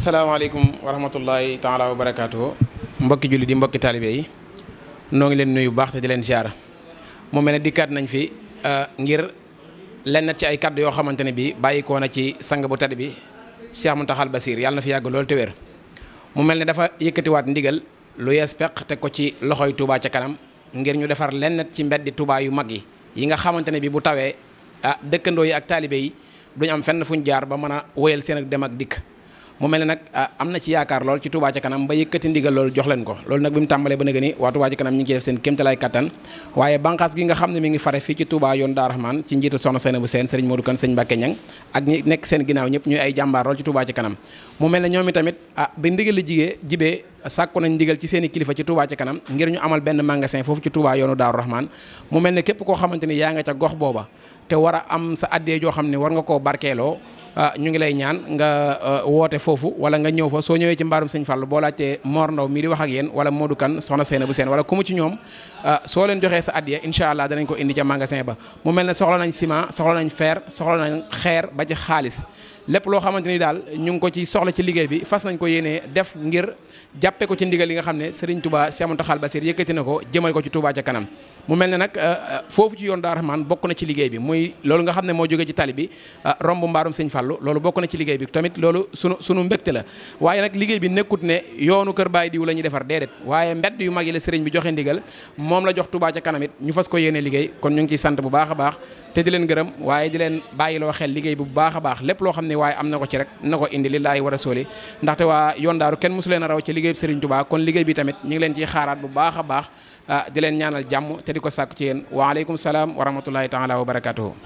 asalaamaaleykum wa rahmatullahi taala barakaatu mbokki julli di mbokki taalibe yi noo ngi leen nuyu baax te di leen ziara mu mel ne dikkaat nañ fi euh, ngir lenn ci ay kàddu yoo xamante ne bii bàyyi na ci sang bu tedd bi Cheikh Mountakha Bassir yàlla na fi yàgg loolu te wér. mu mel ni dafa yëkkatiwaat ndigal lu yees peq teg ko ci loxoy Touba ca kanam ngir ñu defar lenn ci mbeddi Touba yu mag yi yi nga xamante ne bii bu tawee ah dëkkandoo yi ak taalibe yi duñ am fenn fuñ jaar ba mën a wéyal seen ak dem ak dikk. mu mel ne nag ah, am na ci yaakaar lool ci Touba ca kanam ba yëkkati ndigal loolu jox leen ko loolu nag bi mu tàmbalee ba nëgë ni waa Touba ca kanam ñi ngi def seen kéemtalaay kattan waaye banqaas gi nga xam ne mi ngi fare fii ci Touba yoon Daaru Rahman ci njiital soxna Seynabu Seen ak ñi nekk seen ginnaaw ñëpp ñuy ay jàmbaar lool ci Touba ca kanam mu mel i tamit ah bi ndigal li jigee jibee nañ ndigal ci i kilifa ci Touba ca kanam ngir ñu amal benn magasin foofu ci Touba yoonu Daaru Rahman mu mel ne képp koo xamante ni yaa nga ca gox booba te war a am sa addee joo xam ne war nga koo barkeeloo Ah, ñu ngi lay ñaan nga euh, woote foofu wala nga ñëw fa soo ñëwee ci mbaarum sëñ Fall boo laajtee Mor Ndaw mii di wax ak yéen wala Modou kan soxna Seyna bu seen wala ku mu ci ñoom ah, soo leen joxee sa addiya incha allah danañ ko indi ca magasin ba mu mel ne soxla nañ ciment soxla nañ fer soxla nañ xeer ba ci xaalis lépp loo xamante ni daal ñu ngi ko ci soxla ci liggéey bi fas nañ ko yéenee def ngir jàppe ko ci ndigal li nga xam ne Serigne Touba Cheikh Mountakha Bassir yëkkati na ko jëmal ko ci tubaa ca kanam mu mel ne nag euh, foofu ci yoon Daaru Rahmaan bokk na ci liggéey bi muy loolu nga xam ne moo jógee ci tali bi ah, romb mbaarum sëñ Fall fàllu loolu bokk na ci liggéey bi tamit loolu sunu sunu mbégte la waaye nag liggéey bi nekkut ne yoonu kër baay diw la ñuy defar déedéet waaye mbedd yu mag yi la sëriñ bi joxe ndigal moom la jox tubaa ca kanam it ñu fas ko yéene liggéey kon ñu ngi ciy sant bu baax a baax te di leen gërëm waaye di leen bàyyiloo xel liggéey bi bu baax a baax lépp loo xam ne waaye am na ko ci rek na ko indi lillaahi wa rasuuli ndaxte waa yoon daaru kenn mosu leen a raw ci liggéey bi sëriñ Touba kon liggéey bi tamit ñu ngi leen ciy xaaraat bu baax a baax ah, ñaanal jàmm te di ko sàkk ci yéen waaleykum salaam wa rahmatullahi taala wa barakatuhu